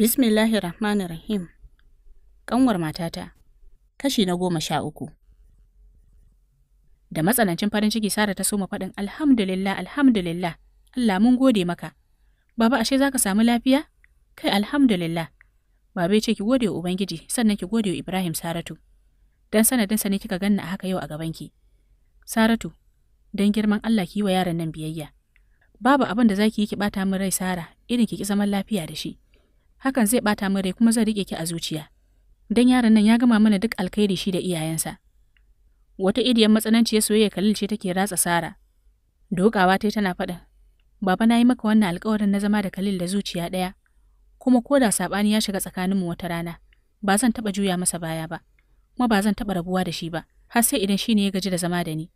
Bismillahi Rahmanir Rahim. Ƙanwar matata, kashi na goma sha uku. Da matsanancin farin ciki Sara ta soma faɗin alhamdulillah alhamdulillah Allah mun gode maka. Baba ashe za ka samu lafiya? Kai alhamdulillah. Baba ya ce ki gode wa Ubangiji sannan ki gode wa Ibrahim Saratu. Dan sanadinsa ne kika ganna a haka yau a gaban ki. Saratu, dan girman Allah ki yi wa yaran nan biyayya. Babu abin da ki yi ki ɓata min rai Sara irin ki ki zaman lafiya da shi. hakan zai bata min rai kuma zan rike ki a zuciya dan yaron nan ya gama mana duk alkhairi shi da iyayensa wata matsananci matsananciyar soyayya Khalil ce take ratsa Sara dokawa tai tana faɗin baba na yi maka wannan alƙawarin na zama da Khalil da zuciya ɗaya kuma ko da saɓani ya shiga tsakaninmu wata rana ba zan taɓa juya masa baya ba kuma ba zan taɓa rabuwa da shi ba har sai idan shi ne ya gaji da zama da ni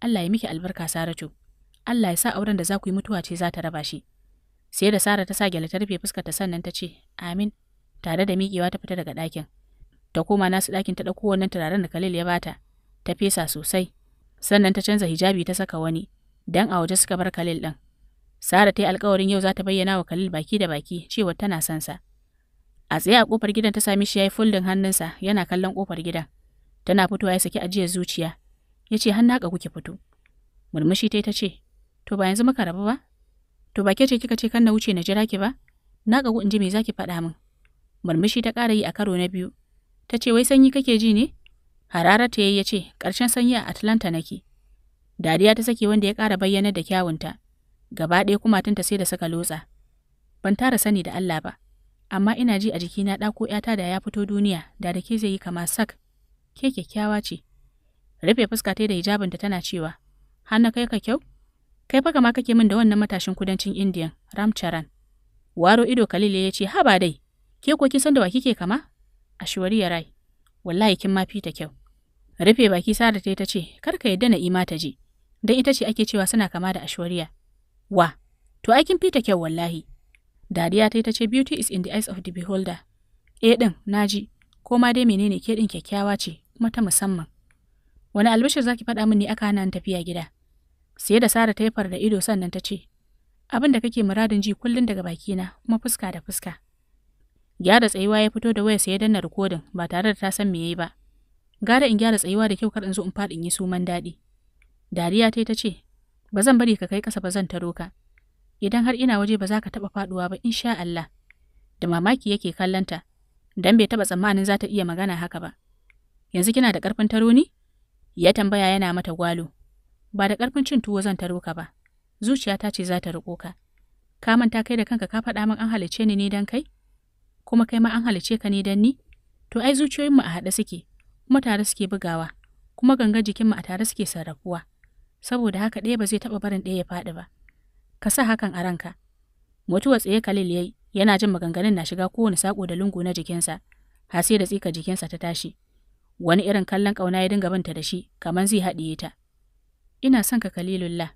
Allah ya miki albarka Saratu Allah ya sa auren da za ku yi mutuwa ce za ta raba shi Sai da Sara ta sa gyale ta rufe fuskarta sannan ta ce, "Amin." Tare da miƙewa ta fita daga ɗakin. Ta koma nasu ɗakin ta ɗauko wannan turaren da Khalil ya bata, ta fesa sosai. Sannan ta canza hijabi ta saka wani, dan a waje suka bar Khalil ɗin. Sara ta yi alkawarin yau za ta bayyana wa Khalil baki da baki cewa tana son sa. A tsaye a kofar gidan ta sami shi ya yi fuldin hannunsa yana kallon kofar gidan. Tana fitowa ya saki ajiyar zuciya. Ya ce hannu haka kuke fito. Murmushi ta ce, To ba yanzu muka rabu ba? To ba ke ce kika ce kan na wuce na jira ki ba? Na kagu in ji me zaki faɗa min. Murmushi ta ƙara yi a karo na biyu. Ta ce wai sanyi kake ji ne? Harara ta ya ce ƙarshen sanyi a Atlanta nake. Dariya ta sake wanda ya ƙara bayyana da kyawunta. Gaba ɗaya kumatunta sai da suka lotsa. Ban tara sani da Allah ba. Amma ina ji a jikina ɗako ‘yata da ya fito duniya da da ke zai yi kama sak. Ke kyakkyawa ce. Rufe fuska ta da hijabinta tana cewa, har kai ka kyau? Kai fa kama kake min da wannan matashin kudancin Indiyan, charan Waro ido Kalile ya ce, "Haba dai, ke ko kin san da wa kike kama?" Ashwari ya rai, "Wallahi kin ma fita kyau." Rufe baki Sara ta ta ce, "Kar ka yadda ima ta je." Dan ita ce ake cewa suna kama da Ashwariya. Wa, to ai kin fita kyau wallahi. Dariya ta ta ce, "Beauty is in the eyes of the beholder." Eh din, naji. Ko ma dai menene ke din kyakkyawa ce, kuma ta musamman. Wani albishir zaki faɗa min ne aka hana ni tafiya gida? sai da Sara ta da ido sannan ta ce, Abin da kake muradin ji kullum daga bakina kuma fuska da fuska. Gyara tsayuwa ya fito da waya sai ya danna rikodin ba tare da ta san me yayi ba. Gara in gyara tsayuwa da kyau kar in zo in faɗi yi suman daɗi. Dariya ta ta ce, Ba zan bari ka kai ƙasa ba zan taro ka. Idan har ina waje ba za ka taɓa faɗuwa ba insha Allah. Da mamaki yake kallanta, dan bai taɓa tsammanin za ta iya magana haka ba. Yanzu kina da ƙarfin taro ni? Ya tambaya yana mata gwalo. Ba da ƙarfin cin tuwo zan taro ka ba. Zuciya ta ce za ta riƙo ka. Ka manta kai da kanka ka faɗa min an halicce ni ne dan kai? Kuma kai ma an halicce ka ne dan ni? To ai zuciyoyinmu a haɗe suke, kuma tare suke bugawa, kuma gangan jikinmu a tare suke sarrafuwa. Saboda haka ɗaya ba zai taɓa barin ɗaya ya faɗi ba. Ka sa hakan a ranka. Mutuwa tsaye kalil yayi, yana jin maganganun na shiga kowane sako da lungu na jikinsa. har sai da tsika jikinsa ta tashi. Wani irin kallon ƙauna ya dinga banta da shi, kamar zai haɗiye ta. Ina son ka Kalilullah,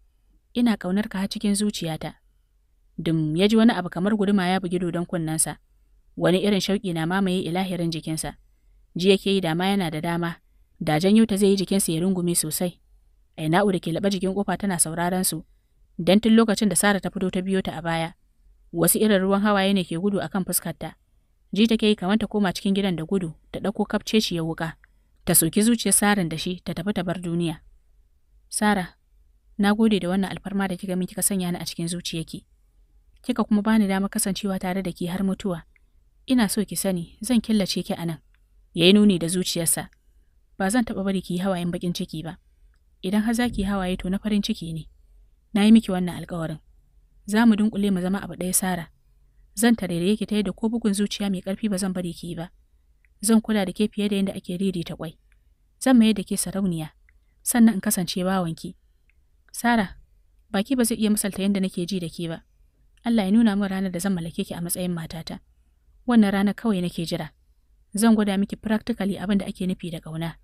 ina ƙaunar ka har cikin zuciyata. Dum ya ji wani abu kamar guduma ya bugi dodon kunnensa, wani irin shauƙi na mamaye ilahirin jikinsa. Ji yake yi dama yana da dama, da janyo ta zai yi jikinsa ya rungume sosai. Aina'u da ke laɓa jikin kofa tana sauraron su, dan tun lokacin da Sara ta fito ta biyo ta a baya. Wasu irin ruwan hawaye ne ke gudu akan fuskarta. Ji take yi kamar ta koma cikin gidan da gudu, ta ɗauko kafce shi ya wuƙa, ta soki zuciyar Sarin da shi ta tafi ta bar duniya. Sara, na gode da wannan alfarma da kika min kika sanya ni a cikin zuciyarki. Kika kuma bani dama kasancewa tare da ki har mutuwa. Ina so ki sani, zan killace ki anan Yayi nuni da zuciyarsa. Ba zan taɓa bari ki yi hawayen bakin ciki ba. Idan har za ki hawaye to na farin ciki ne. Na yi miki wannan alkawarin. Za mu dunkule mu zama abu ɗaya Sara. Zan tarere ki ta da ko bugun zuciya mai ƙarfi ba zan bari ki yi ba. Zan kula da ke fiye da yadda ake ta kwai. Zan mayar da ke sarauniya. sannan in kasance bawanki. Sara, baki ba zai iya misalta yadda nake ji da ke ba. Allah ya nuna min ranar da zan mallake ki a matsayin matata. Wannan rana kawai nake jira. Zan gwada miki practically abin da ake nufi da ƙauna.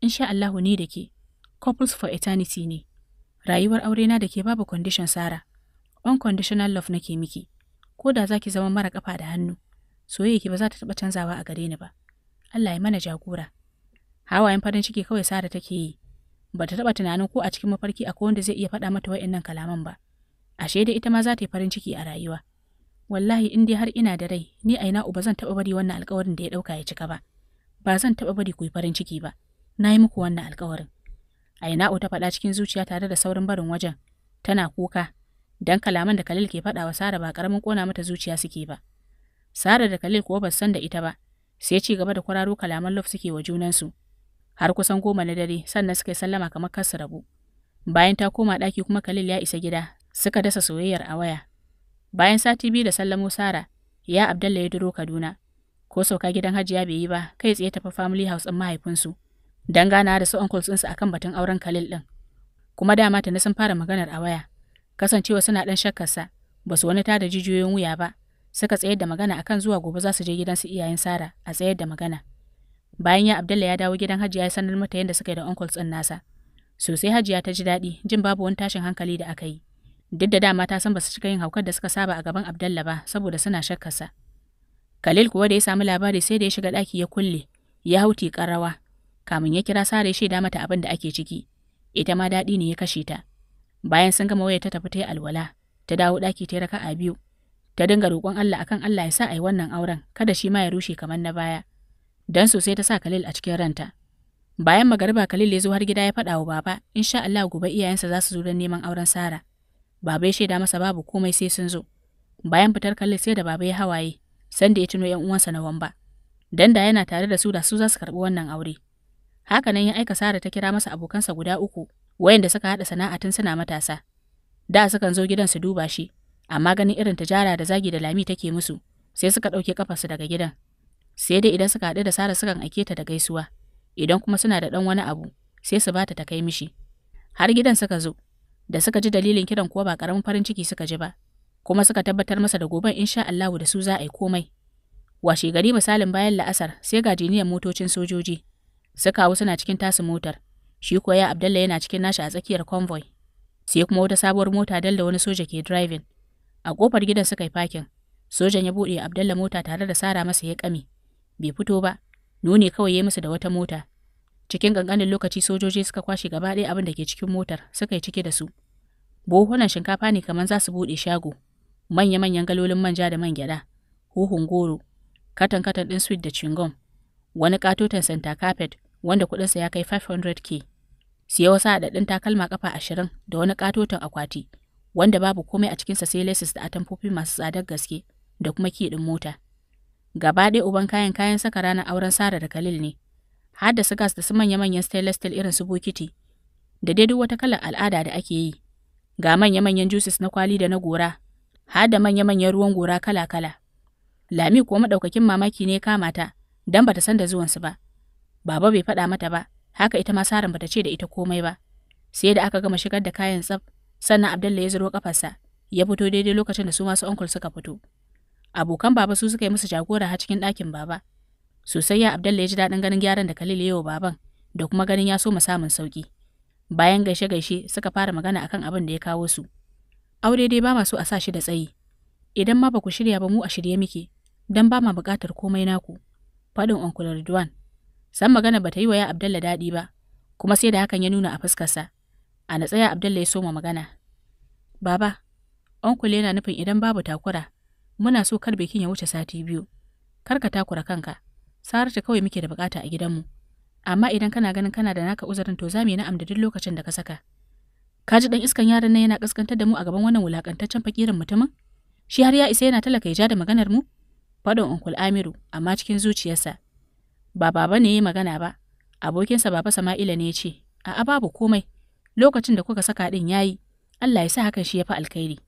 Insha Allahu ni da ke, couples for eternity ne. Rayuwar aure na da ke babu condition Sara. Unconditional love nake miki. Ko da za ki zama mara kafa da hannu, soyayya ki ba za ta taɓa canzawa a gare ni ba. Allah ya mana jagora. Hawayen farin ciki kawai Sara take yi, ba ta taɓa tunanin ko a cikin mafarki akwai wanda zai iya faɗa mata wa'annan kalaman ba. Ashe da ita ma za ta yi farin ciki a rayuwa. Wallahi in dai har ina da rai, ni a ina uba zan taɓa bari wannan alƙawarin da ya ɗauka ya cika ba. Ba zan taɓa bari ku yi farin ciki ba. Na yi muku wannan alƙawarin. A ina ta faɗa cikin zuciya tare da saurin barin wajen. Tana kuka. Dan kalaman da Khalil ke faɗawa Sara ba ƙaramin ƙona mata zuciya suke ba. Sara da Khalil kuwa ba san da ita ba. Sai ci gaba da kwararo kalaman Love suke wa junansu. har kusan goma na dare sannan suka yi sallama kamar kar su rabu. Bayan ta koma ɗaki kuma Kalil ya isa gida suka dasa soyayyar a waya. Bayan sati biyu da sallamo Sara, ya Abdalla ya duro Kaduna. Ko sauka gidan Hajiya bai yi ba, kai tsaye tafi family house ɗin mahaifinsu. Dan gana da su uncles ɗinsu akan batun auren Kalil ɗin. Kuma dama tana sun fara maganar a waya. Kasancewa suna ɗan shakkarsa, ba su wani tada jijiyoyin wuya ba. Suka tsayar da magana akan zuwa gobe za su je gidan su iyayen Sara a tsayar da magana. Bayan ya Abdalla ya dawo gidan Hajiya ya sanar mata yadda suka yi da uncles ɗin nasa. Sosai Hajiya ta ji daɗi, jin babu wani tashin hankali da aka yi. Duk da dama ta san ba su cika yin haukar da suka saba a gaban Abdalla ba saboda suna shakkarsa. Khalil kuwa da ya samu labari sai da ya shiga ɗaki ya kulle, ya hauti ƙarawa, kamin ya kira Sare shaida mata abin da ake ciki. Ita ma daɗi ne ya kashe ta. Bayan sun gama waya ta tafi ta yi alwala, ta dawo ɗaki ta raka'a biyu, ta dinga roƙon Allah akan Allah ya sa a yi wannan auren kada shi ma ya rushe kamar na baya. Dan sosai ta sa Khalil a cikin ranta. Bayan magariba Khalil ya zo har gida ya faɗa wa baba, insha Allah gobe iyayensa za su zo don neman auren Sara. Baba ya shaida masa babu komai sai sun zo. Bayan fitar Khalil sai da baba ya hawaye, sanda ya tuno ‘yan uwansa na wamba. Dan da yana tare da su da su za su karɓi wannan aure. haka nan ya aika Sara ta kira masa abokansa guda uku, wayanda suka haɗa sana'a tun suna matasa. Da sukan zo gidan su duba shi, amma ganin irin tijara da zagi da lami take musu, sai suka ɗauke kafarsu daga gidan sai dai idan suka haɗu da Sara sukan aike ta da gaisuwa, idan kuma suna da ɗan wani abu sai su bata ta kai mishi. Har gidan suka zo, da suka ji dalilin kiran kuwa ba ƙaramin farin ciki suka ji ba, kuma suka tabbatar masa da goben insha Allahu da su za a yi komai. Washe gari misalin bayan la'asar sai ga jiniyan motocin sojoji, suka hau suna cikin tasu motar, shi kuwa ya Abdallah yana cikin nashi a tsakiyar convoy. Sai kuma wata sabuwar mota da wani soja ke driving. A kofar gidan suka yi fakin, sojan ya buɗe Abdallah mota tare da Sara masa ya kame. bai fito ba nuni kawai ya musu da wata mota cikin ƙanƙanin lokaci sojoji suka kwashe gaba ɗaya abin da ke cikin motar suka yi cike da su buhunan shinkafa ne kamar za su buɗe shago manya-manyan galolin manja da man gyada. huhun goro katan-katan ɗin sweet da chingom wani katotan santa carpet wanda kuɗinsa ya kai 500k siya wasu haɗaɗɗun takalma kafa ashirin da wani katotan akwati wanda babu komai a cikinsa sai lesis da atamfofi masu tsadar gaske da kuma kiɗin mota Gaba ɗaya uban kayan kayan saka ranar auren Sara da kalil ne. Har da su gas da su manya-manyan stainless steel irin su bokiti. Da dai duk wata kalar al'ada da ake yi. Ga manya-manyan juices na kwali da na gora. Har da manya-manyan ruwan gora kala-kala. Lami kuwa maɗaukakin mamaki ne kama ta, dan bata san da zuwan su ba. Baba bai faɗa mata ba, haka ita ma Saran bata ce da ita komai ba. Sai da aka gama shigar da kayan tsaf, sannan Abdullahi ya zuro kafarsa, ya fito daidai lokacin da su masu onkul suka fito. Abokan baba su suka yi musu jagora har cikin ɗakin baba. Sosai ya Abdalla ya ji daɗin ganin gyaran da Khalil ya yi wa baban da kuma ganin ya so mu samun sauƙi. Bayan gaishe-gaishe suka fara magana akan abin da ya kawo su. Aure dai ba ma so a sa shi da tsayi. Idan ma ba ku shirya ba mu a shirye muke, dan ba ma buƙatar komai naku. Faɗin Uncle Ridwan. San magana ba ta yi wa ya Abdalla daɗi ba, kuma sai da hakan ya nuna a fuskarsa. A na tsaya Abdalla ya soma magana. Baba, Uncle yana nufin idan babu takura, Muna so kar bikin ya wuce sati biyu. Kar ka takura kanka. Saratu kawai muke da bukata a gidanmu. Amma idan kana ganin kana da naka uzurin to za mu yi na'am da duk lokacin da ka saka. Ka ji dan iskan yaran nan yana kaskantar da mu a gaban wannan wulakantaccen fakirin mutumin? Shi har ya isa yana talaka ya ja da maganar mu? Fadon Unkul Amiru, amma cikin zuciyarsa. Ba baba ne ya magana ba, abokinsa baba Sama'ila ne ya ce, a'a babu komai, lokacin da kuka saka din yayi, Allah ya sa hakan shi ya fi alkhairi.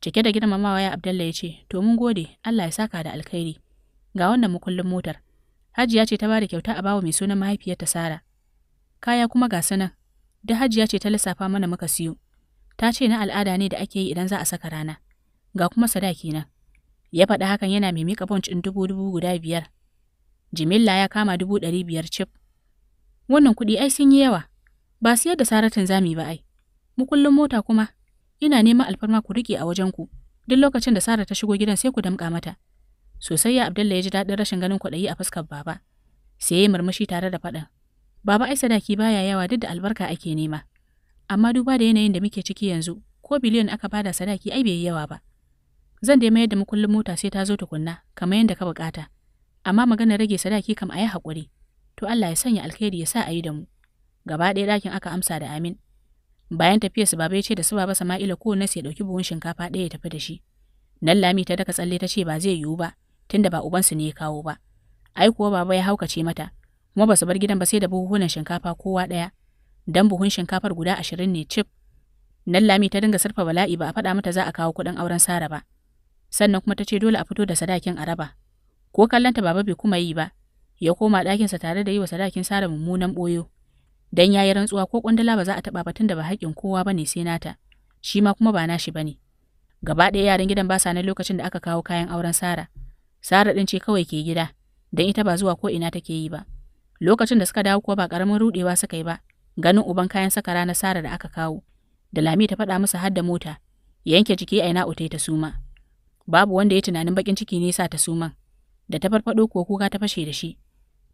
Cike da girmamawa ya Abdalla ya ce, To mun gode, Allah ya saka da alkhairi. Ga wannan mukullin motar. Hajiya ce ta bada kyauta a bawa mai sunan mahaifiyarta Sara. Kaya kuma ga sanan. Da Hajiya ce ta lissafa mana muka siyo. Ta ce na al'ada ne da ake yi idan za a saka rana. Ga kuma sadaki na. Ya faɗi hakan yana mai miƙa bunch ɗin dubu dubu guda biyar. Jimilla ya kama dubu ɗari biyar cif. Wannan kuɗi ai sun yi yawa. Ba siyar da saratin zami ba ai. Mukullin mota kuma Ina neman alfarma ku rike a wajen ku. Duk lokacin da Sara ta shigo gidan sai ku damƙa mata. Sosai ya Abdullahi ya ji daɗin rashin ganin kwaɗayi a fuskar baba. Sai ya murmushi tare da faɗa Baba ai sadaki baya yawa duk da albarka ake nema. Amma duba da yanayin da muke ciki yanzu, ko biliyon aka bada sadaki ai bai yi yawa ba. Zan dai mayar da mukullin mota sai ta zo tukunna, kamar yadda ka buƙata. Amma magana rage sadaki kam a yi haƙuri. To Allah ya sanya alkhairi ya sa a yi da mu. Gaba ɗaya ɗakin aka amsa da amin. Bayan tafiyar su baba ya ce da su baba Sama'ila ko nasu ya ɗauki buhun shinkafa ɗaya ya tafi da shi. Nan Lami ta daka tsalle ta ce ba zai yiwu ba tunda ba ubansu ne ya kawo ba. Ai kuwa baba ya haukace mata kuma ba su bar gidan ba sai da buhunan shinkafa kowa ɗaya. Dan buhun shinkafar guda ashirin ne cif. Nan Lami ta dinga sarfa bala'i ba a faɗa mata za a kawo kuɗin auren Sara ba. Sannan kuma ta ce dole a fito da sadakin a raba. Ko kallonta baba bai kuma yi ba, ya koma ɗakinsa tare da yi wa sadakin Sara mummunan ɓoyo. Dan yayi rantsuwa ko kwandala ba za a taba ba tunda ba haƙin kowa bane sai nata. Shi ma kuma ba nashi bane. Gaba ɗaya yaran gidan ba sa na lokacin da aka kawo kayan auren Sara. Sara din ce kawai ke gida, dan ita ba zuwa ko ina take yi ba. Lokacin da suka dawo kuwa ba karamin rudewa suka yi ba. Ganin uban kayan saka rana Sara da aka kawo. Da Lami ta faɗa musu har da mota, yanke jiki a ina utai ta suma. Babu wanda ya tunanin bakin ciki ne sa ta suman. da ta farfado kuwa kuka ta fashe da shi.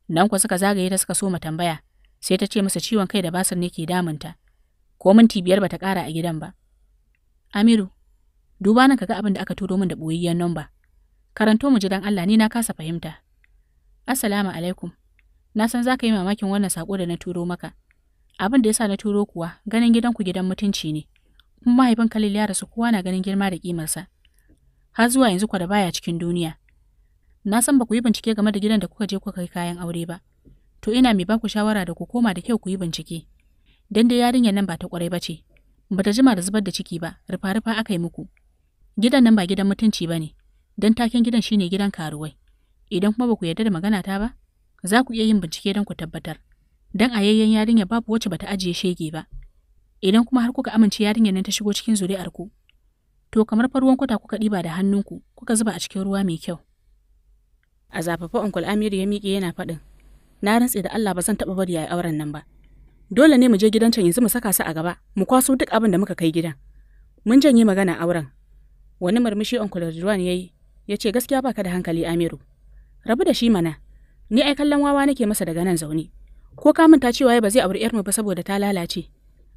Nan suka zagaye ta suka so ma tambaya, sai ta ce masa ciwon kai da basar ne ke damunta ko minti biyar bata ƙara a gidan ba Amiru duba nan kaga abin da aka turo min da boyayyen nomba. karanto mu ji dan Allah ni na kasa fahimta Assalamu alaikum na san za ka yi mamakin wannan sako da na turo maka abin da ya sa na turo kuwa ganin gidanku gidan mutunci ne kuma mahaifin Khalil ya rasu kowa na ganin girma da ƙimarsa. har zuwa yanzu kwa da baya cikin duniya na san ba ku yi bincike game da gidan da kuka je kuka kai kayan aure ba to ina mai baku shawara da ku koma da kyau ku yi bincike dan dai yarinyar nan ba ta kwarai ba ce bata jima da zubar da ciki ba rufa rufa aka yi muku gidan nan ba gidan mutunci ba ne dan taken gidan shine gidan karuwai idan kuma ba ku yarda da magana ta ba za ku iya yin bincike don ku tabbatar dan a yayyen yarinya babu wacce bata ajiye shege ba idan kuma har kuka amince yarinyar nan ta shigo cikin zuri'ar ku to kamar faruwan kwata kuka ɗiba da hannunku kuka zuba a cikin ruwa mai kyau a zafafa onkul amiru ya miƙe yana faɗin na rantse da Allah ba zan taɓa bari yayi auren nan ba. Dole ne mu je gidan can yanzu mu saka su a gaba, mu kwaso duk abin da muka kai gidan. Mun janye magana auren. Wani murmushi Uncle Ridwan yayi, ya ce gaskiya baka da hankali Amiru. Rabu da shi mana, ni ai kallon wawa nake masa daga nan zaune. Ko ka manta cewa ba zai aure 'yarmu ba saboda ta lalace.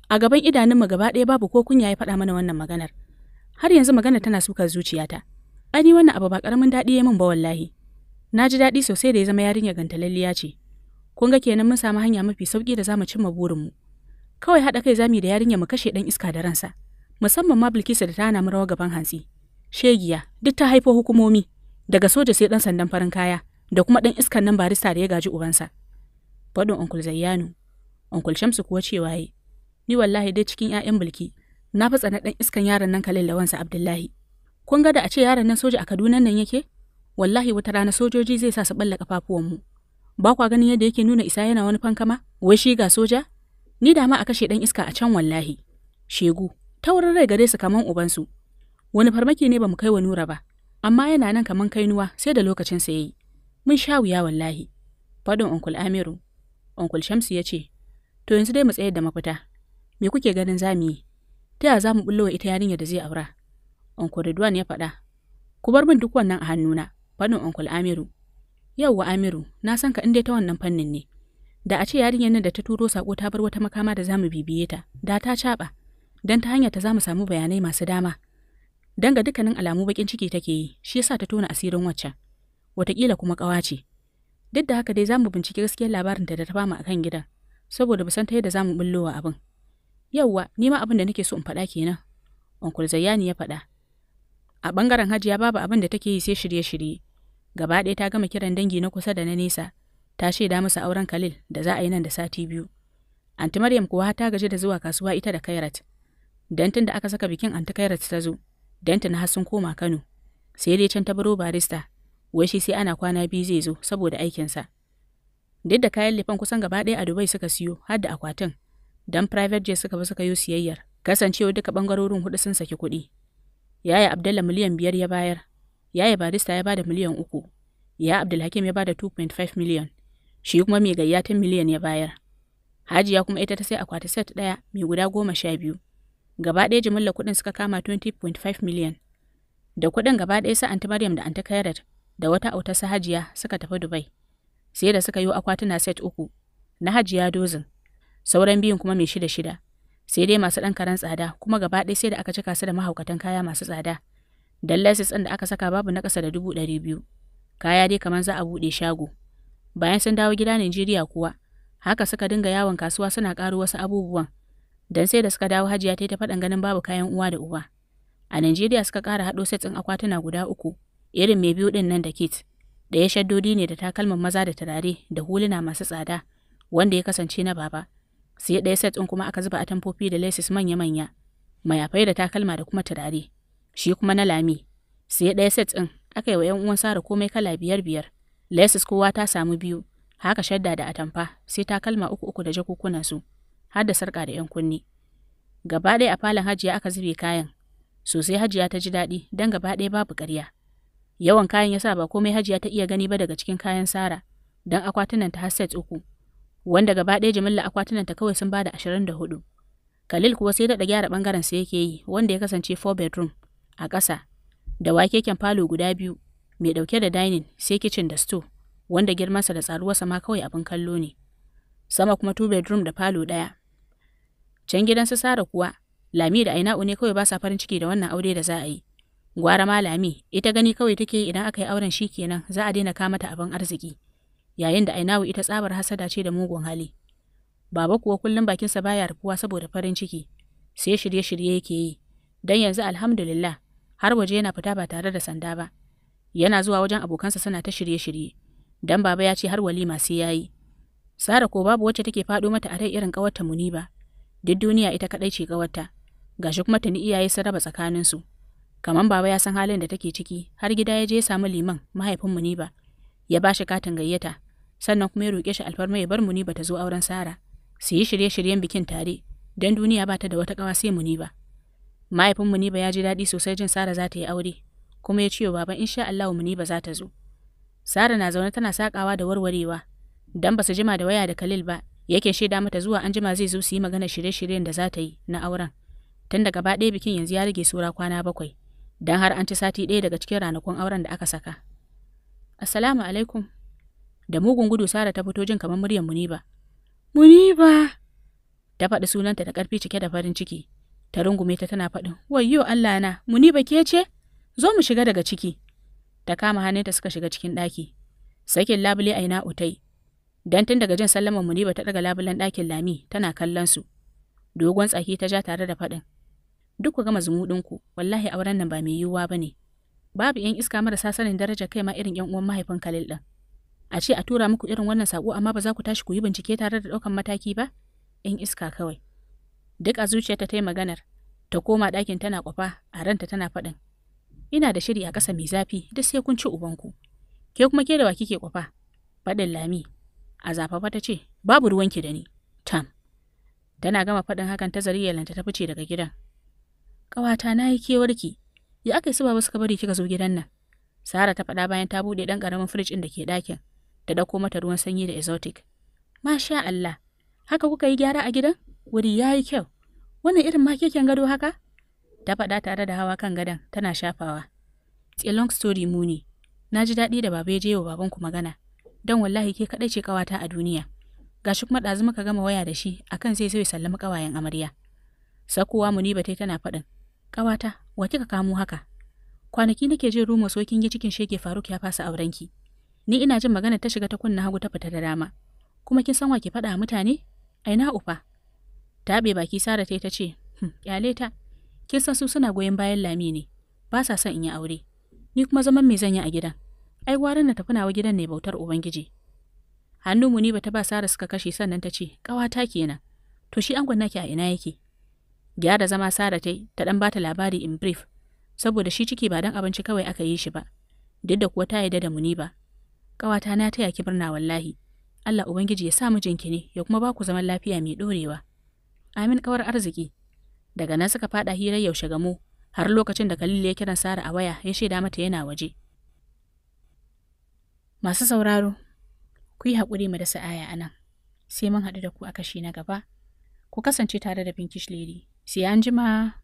A gaban idanunmu gaba ɗaya babu ko kunya ya faɗa mana wannan maganar. Har yanzu magana tana sukar zuciyata. Ani wannan abu ba ƙaramin daɗi ya min ba wallahi. Na ji daɗi sosai da ya zama yarinya gantalalliya ce. kun ga kenan mun samu hanya mafi sauki da zamu cimma mu. kawai haɗa kai zamu da yarinya mu kashe ɗan iska da ransa musamman ma Bilkisu da ta hana mu rawa gaban hantsi shegiya duk ta haifo hukumomi daga soja sai ɗan sandan farin kaya da kuma ɗan iskan nan barista da ya gaji ubansa faɗin onkul zayyanu onkul shamsu kuwa ce waye. ni wallahi dai cikin 'ya'yan bilki na fi tsana ɗan iskan yaron nan da lawansa abdullahi kun ga da a ce yaron nan soja a kaduna nan yake wallahi wata rana sojoji zai sa su ɓalla mu. ba kwa ganin yadda yake nuna isa yana wani fankama wai shi ga soja ni da ma a kashe dan iska a can wallahi shegu ta wurin rai gare su kaman ubansu wani farmaki ne bamu kai wa nura ba amma yana nan kaman kainuwa sai da lokacin sa yayi mun sha wuya wallahi fadin onkul amiru onkul shamsu ya ce to yanzu dai mu tsayar da mafita me kuke ganin za mu yi ta ya za mu bullo wa ita yarinya da zai aura onkul ridwan ya faɗa ku bar min duk wannan a hannuna fadin onkul amiru yauwa Amiru, na san ka dai ta wannan fannin ne. Da a ce yarinyar nan da ta turo sako ta bar wata makama da zamu bibiye ta, da ta caɓa. Dan ta hanyar ta zamu samu bayanai masu dama. Dan ga dukkanin alamu bakin ciki take yi, shi yasa ta tona asirin waccan. Wataƙila kuma kawa ce. Duk da haka dai zamu binciki gaskiyar labarin da ta fama akan gidan, saboda ba san ta yadda zamu bullowa abin. yauwa ni ma abin da nake so in faɗa kenan. Onkul Zayyani ya faɗa. A ɓangaren Hajiya babu abin da take yi sai shirye-shirye. Gaba ɗaya ta gama kiran dangi na kusa da na nesa, ta shaida musu auren Khalil da za a yi nan da sati biyu. Anti Maryam kuwa ta gaji da zuwa kasuwa ita da Kairat. Dantin da aka saka bikin Anti Kairat ta zo, dantin har sun koma Kano. Sai dai can ta baro barista, wai shi sai ana kwana biyu zai zo saboda aikinsa. Duk da kayan lefan kusan gaba ɗaya a Dubai suka siyo har da akwatin, dan private jet suka bi suka yi siyayyar, kasancewa duka bangarorin hudu sun saki kuɗi. Yaya Abdullahi miliyan biyar ya bayar, Yaya barista ya bada miliyan uku, ya Abdulhakim ya bada 2.5 miliyan, shi kuma mai gayya ta miliyan ya bayar. Hajiya kuma ita ta sai akwati set ɗaya mai guda goma sha biyu. Gaba ɗaya jimillar kuɗin suka kama 20.5 miliyan. Da kuɗin gaba ɗaya sa anti Maryam da anti Kairat da wata autar sa Hajiya suka tafi Dubai. Sai da suka yi akwatuna set uku na Hajiya dozin. Sauran biyun kuma mai shida shida. Sai dai masu ɗan karen tsada kuma gaba ɗaya sai da aka cika su da mahaukatan kaya masu tsada. Dan lasis ɗin da aka saka babu na ƙasa da dubu ɗari biyu. Kaya dai kamar za a buɗe shago. Bayan sun dawo gida Najeriya kuwa, haka suka dinga yawon kasuwa suna ƙaro wasu abubuwan. Dan sai da suka dawo Hajiya ta yi ta faɗan ganin babu kayan uwa da uba. A Najeriya suka ƙara haɗo set ɗin akwatuna guda uku, irin mai biyu ɗin nan da kit. Ɗaya shaddodi ne da takalman maza da turare da huluna masu tsada, wanda ya kasance na baba. Sai ɗaya set ɗin kuma aka zuba a tamfofi da lesis manya-manya, mayafai da takalma da kuma turare. shi kuma na lami sai ɗaya set ɗin aka yi wa 'yan uwan sara komai kala biyar biyar lesis kowa ta samu biyu haka shadda da atamfa sai ta kalma uku uku da jakukuna su har da sarƙa da 'yan kunni gaba ɗaya a falon hajiya aka zube kayan sosai hajiya ta ji daɗi don gaba ɗaya babu ƙarya yawan kayan yasa ba komai hajiya ta iya gani ba daga cikin kayan sara don akwatunan ta set uku wanda gaba ɗaya jimilla akwatunan ta kawai sun bada ashirin da hudu Khalil kuwa sai daɗa gyara bangaren sai yake yi wanda ya kasance 4 bedroom a ƙasa da wakeken falo guda biyu mai ɗauke da dainin, sai kicin da sto wanda girmansa da tsaruwarsa ma kawai abin kallo ne. Sama kuma two bedroom da falo ɗaya. Can gidan su Sara kuwa, Lami da Aina'u ne kawai ba sa farin ciki da wannan aure da za a yi. Gwara ma Lami, ita gani kawai take idan aka yi auren shi kenan za a daina kama ta abin arziki. Yayin da Aina'u ita tsabar hasada ce da mugun hali. Baba kuwa kullum bakinsa baya rufuwa saboda farin ciki. Sai shirye-shirye yake yi. Dan yanzu alhamdulillah har waje yana fita ba tare da sanda ba. Yana zuwa wajen abokansa suna ta shirye-shirye. Dan baba ya ce har walima sai yayi. Sara ko babu wacce take faɗo mata a rai irin ƙawarta ba. Duk duniya ita kaɗai ce ƙawarta. Gashi kuma tuni iyaye sun raba tsakaninsu. Kamar baba ya san halin da take ciki, har gida ya je ya samu liman mahaifin ba. Ya ba shi katin gayyata, sannan kuma ya roƙe shi alfarma ya bar ba ta zo auren Sara. Su yi shirye-shiryen bikin tare, don duniya ba ta da wata ƙawa sai muni ba. Mahaifin Muniba ya ji daɗi sosai jin Sara za ta yi aure, kuma ya ce wa baban insha Allahu Muniba za ta zo. Sara na zaune tana sakawa da warwarewa, dan ba su jima da waya da Khalil ba, yake shaida mata zuwa an jima zai zo su yi magana shirye-shiryen da za ta yi na auren. Tun da gaba ɗaya bikin yanzu ya rage sura kwana bakwai, dan har an ci sati ɗaya daga cikin ranakun auren da aka saka. Assalamu alaikum. Da mugun gudu Sara ta fito jin kamar muryar Muniba. Muniba! Ta faɗi sunanta da ƙarfi cike da farin ciki. ta rungume ta tana faɗin wayyo Allah na muni ba ke ce zo mu shiga daga ciki ta kama ta suka shiga cikin ɗaki sakin labule aina ina utai dan tun daga jin sallaman muni ba ta daga labulen ɗakin lami tana kallon su dogon tsaki ta ja tare da faɗin duk ku gama ku wallahi auren nan ba mai yiwuwa bane babu yan iska marasa sanin daraja kai ma irin yan uwan mahaifin Khalil din a ce a tura muku irin wannan sako amma ba za ku tashi ku yi bincike tare da ɗaukan mataki ba yan iska kawai Duk a zuciyarta ta yi maganar, ta koma ɗakin tana kwafa a ranta tana faɗin. Ina da shiri a ƙasa mai zafi duk sai kun ci ubanku. Ke kuma ke da wa kike kwafa? Faɗin Lami. A zafafa ta ce, babu ruwanki da ni. Tam. Tana gama faɗin hakan ta zariya lanta ta fice daga gidan. Ƙawata na yi kewarki, ya aka yi su suka bari kika zo gidan nan. Sara ta faɗa bayan ta buɗe ɗan ƙaramin firij ɗin da ke ɗakin, ta ɗauko mata ruwan sanyi da exotic. Masha Allah, haka kuka yi gyara a gidan? wuri ya yi kyau wannan irin ma keken gado haka ta faɗa tare da hawa kan gadon tana shafawa it's a long story muni na ji daɗi da baba ya je wa baban ku magana don wallahi ke kaɗai ce ƙawata a duniya gashi kuma ɗazu muka gama waya da shi akan zai sai ya sallami ƙawayen amarya sakowa muniba tai tana faɗin ƙawata wa kika kamo haka kwanaki nake jin rumo sokin gi cikin sheke Faruk ya fasa aurenki. Ni ina jin magana ta shiga ta kunna hagu ta fita da dama. Kuma kin san wa ki faɗa mutane? Ai na ufa. Taɓe baki Sara ta ta ce, "Kyale hmm, ta, kin su suna goyon bayan Lami ne, ba sa son in yi aure. Ni kuma zaman mai zan yi a gidan? Ai gwaran na tafi nawa gidan ne bautar Ubangiji." Hannu mu ni bata ba Sara suka kashe sannan ta ce, "Ƙawata kenan." To shi angon naki a ina yake? Gyara zama Sara ta ta dan bata labari in brief, saboda shi ciki ba dan abinci kawai aka yi shi ba. Duk da kuwa ta yarda da muni ba. Ƙawata na taya ki birna wallahi. Allah Ubangiji ya sa mijinki ne ya kuma ba ku zaman lafiya mai dorewa. Amin kawar arziki. Daga nan suka faɗa hirar yaushe gamo har lokacin da Khalil ya kira Sara a waya ya shaida mata yana waje. Masu sauraro, ku yi haƙuri mu da sa'aya a nan, sai mun haɗu da ku a kashi na gaba. Ku kasance tare da Pinkish Lady, sai an jima.